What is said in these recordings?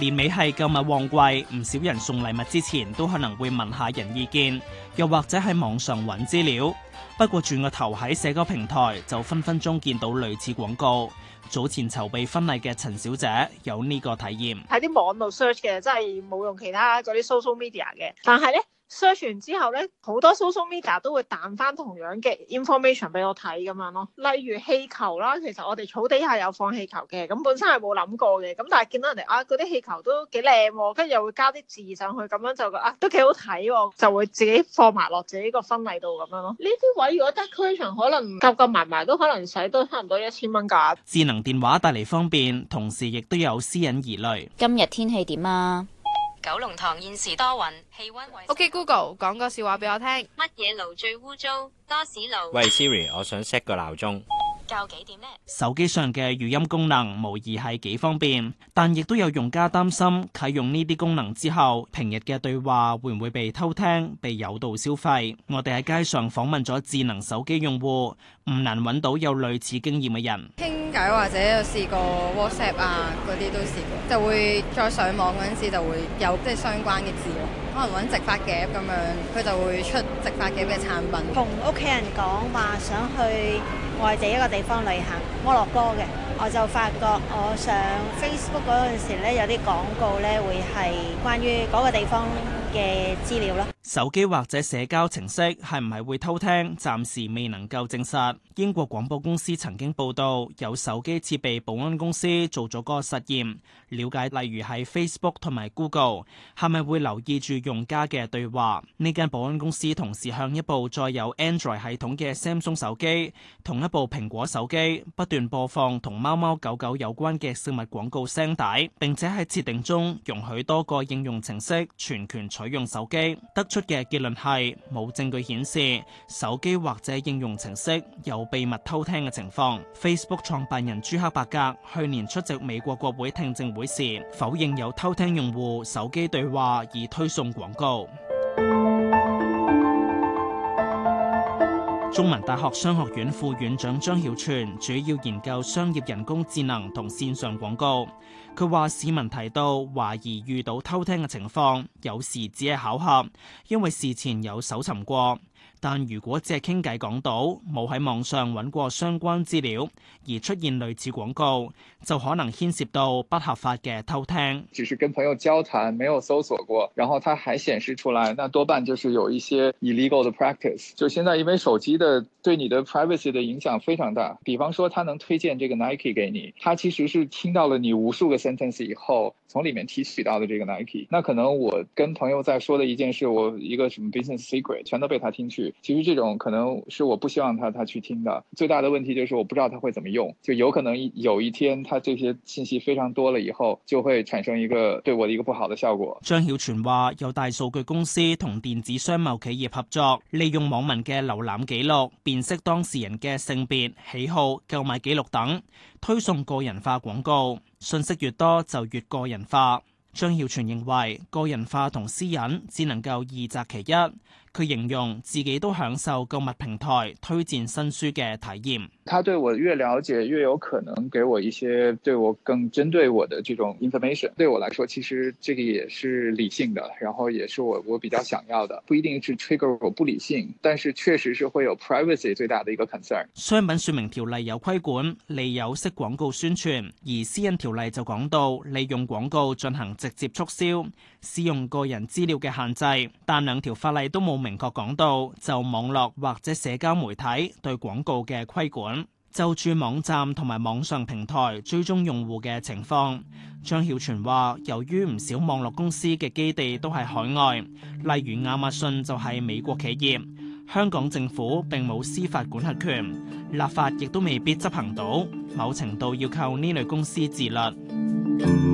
年尾係購物旺季，唔少人送禮物之前都可能會問下人意見，又或者喺網上揾資料。不過轉個頭喺社交平台就分分鐘見到類似廣告。早前籌備婚禮嘅陳小姐有呢個體驗，喺啲網度 search 嘅，真係冇用其他嗰啲 social media 嘅。但係呢 search 完之後咧，好多 social media 都會彈翻同樣嘅 information 俾我睇咁樣咯。例如氣球啦，其實我哋草底下有放氣球嘅，咁本身係冇諗過嘅。咁但係見到人哋啊，嗰啲氣球都幾靚，跟住又會加啲字上去，咁樣就覺得啊都幾好睇，就會自己放埋落自己個婚禮度咁樣咯。呢啲位如果 decoration 可能夾夾埋埋都可能使多差唔多一千蚊噶。智能電話帶嚟方便，同時亦都有私隱疑慮。今日天氣點啊？九龍塘現時多雲，氣溫。OK Google，講個笑話俾我聽。乜嘢路最污糟？多士路。喂，Siri，我想 set 個鬧鐘。較幾點呢？手機上嘅語音功能無疑係幾方便，但亦都有用家擔心啟用呢啲功能之後，平日嘅對話會唔會被偷聽、被誘導消費。我哋喺街上訪問咗智能手機用戶，唔難揾到有類似經驗嘅人。解或者有試過 WhatsApp 啊，嗰啲都試過，就會再上網嗰陣時就會有即係相關嘅字咯。可能揾直髮夾咁樣，佢就會出直髮夾嘅產品。同屋企人講話想去外地一個地方旅行，摩洛哥嘅，我就發覺我上 Facebook 嗰陣時咧，有啲廣告咧會係關於嗰個地方嘅資料咯。手機或者社交程式係唔係會偷聽？暫時未能夠證實。英國廣播公司曾經報道，有手機設備保安公司做咗個實驗，了解例如係 Facebook 同埋 Google 係咪會留意住用家嘅對話，呢間保安公司同時向一部載有 Android 系統嘅 Samsung 手機同一部蘋果手機不斷播放同貓貓狗狗有關嘅食物廣告聲帶，並且喺設定中容許多個應用程式全權取用手機，得出嘅結論係冇證據顯示手機或者應用程式有秘密偷聽嘅情況。Facebook 創辦人朱克伯格去年出席美國國會聽證會時否認有偷聽用戶手機對話而推送。廣告，中文大學商學院副院長張曉泉主要研究商業人工智能同線上廣告。佢話市民提到懷疑遇到偷聽嘅情況，有時只係巧合，因為事前有搜尋過。但如果只係傾偈講到冇喺網上揾過相關資料而出現類似廣告，就可能牽涉到不合法嘅偷聽。只是跟朋友交談，沒有搜索過，然後它還顯示出來，那多半就是有一些 illegal 的 practice。就現在因為手機的對你的 privacy 的影響非常大，比方說他能推薦這個 Nike 給你，他其實是聽到了你無數個 sentence 以後，從裏面提取到的這個 Nike。那可能我跟朋友在說的一件事，我一個什麼 business secret 全都被他聽出。其實這種可能是我不希望他他去聽的，最大的問題就是我不知道他會怎麼用，就有可能有一天他這些信息非常多了以後，就會產生一個對我的一個不好的效果。張曉泉話：有大數據公司同電子商貿企業合作，利用網民嘅瀏覽記錄，辨識當事人嘅性別、喜好、購買記錄等，推送個人化廣告。信息越多就越個人化。張曉泉認為，個人化同私隱只能夠二擇其一。佢形容自己都享受購物平台推薦新書嘅體驗。他對我越了解，越有可能給我一些對我更針對我的這種 information。對我來說，其實這個也是理性的，然後也是我我比較想要的，不一定是 trigger 不理性，但是確實是會有 privacy 最大的一個 concern。商品說明條例有規管利有式廣告宣傳，而私隱條例就講到利用廣告進行直接促銷、使用個人資料嘅限制，但兩條法例都冇明確講到就網絡或者社交媒體對廣告嘅規管。就住網站同埋網上平台追蹤用戶嘅情況，張曉全話：由於唔少網絡公司嘅基地都係海外，例如亞馬遜就係美國企業，香港政府並冇司法管轄權，立法亦都未必執行到，某程度要靠呢類公司自律。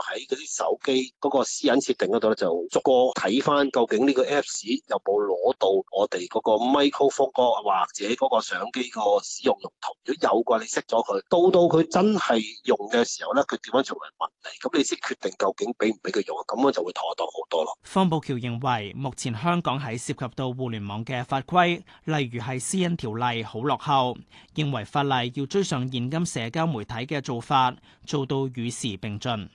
喺嗰啲手機嗰個私隱設定嗰度咧，就逐個睇翻究竟呢個 Apps 有冇攞到我哋嗰個 microphone 或者嗰個相機個使用用途。如果有嘅話，你熄咗佢。到到佢真係用嘅時候咧，佢點樣出嚟問你，咁你先決定究竟俾唔俾佢用。咁樣就會妥當好多咯。方保僑認為目前香港喺涉及到互聯網嘅法規，例如係私隱條例，好落後，認為法例要追上現今社交媒體嘅做法，做到與時並進。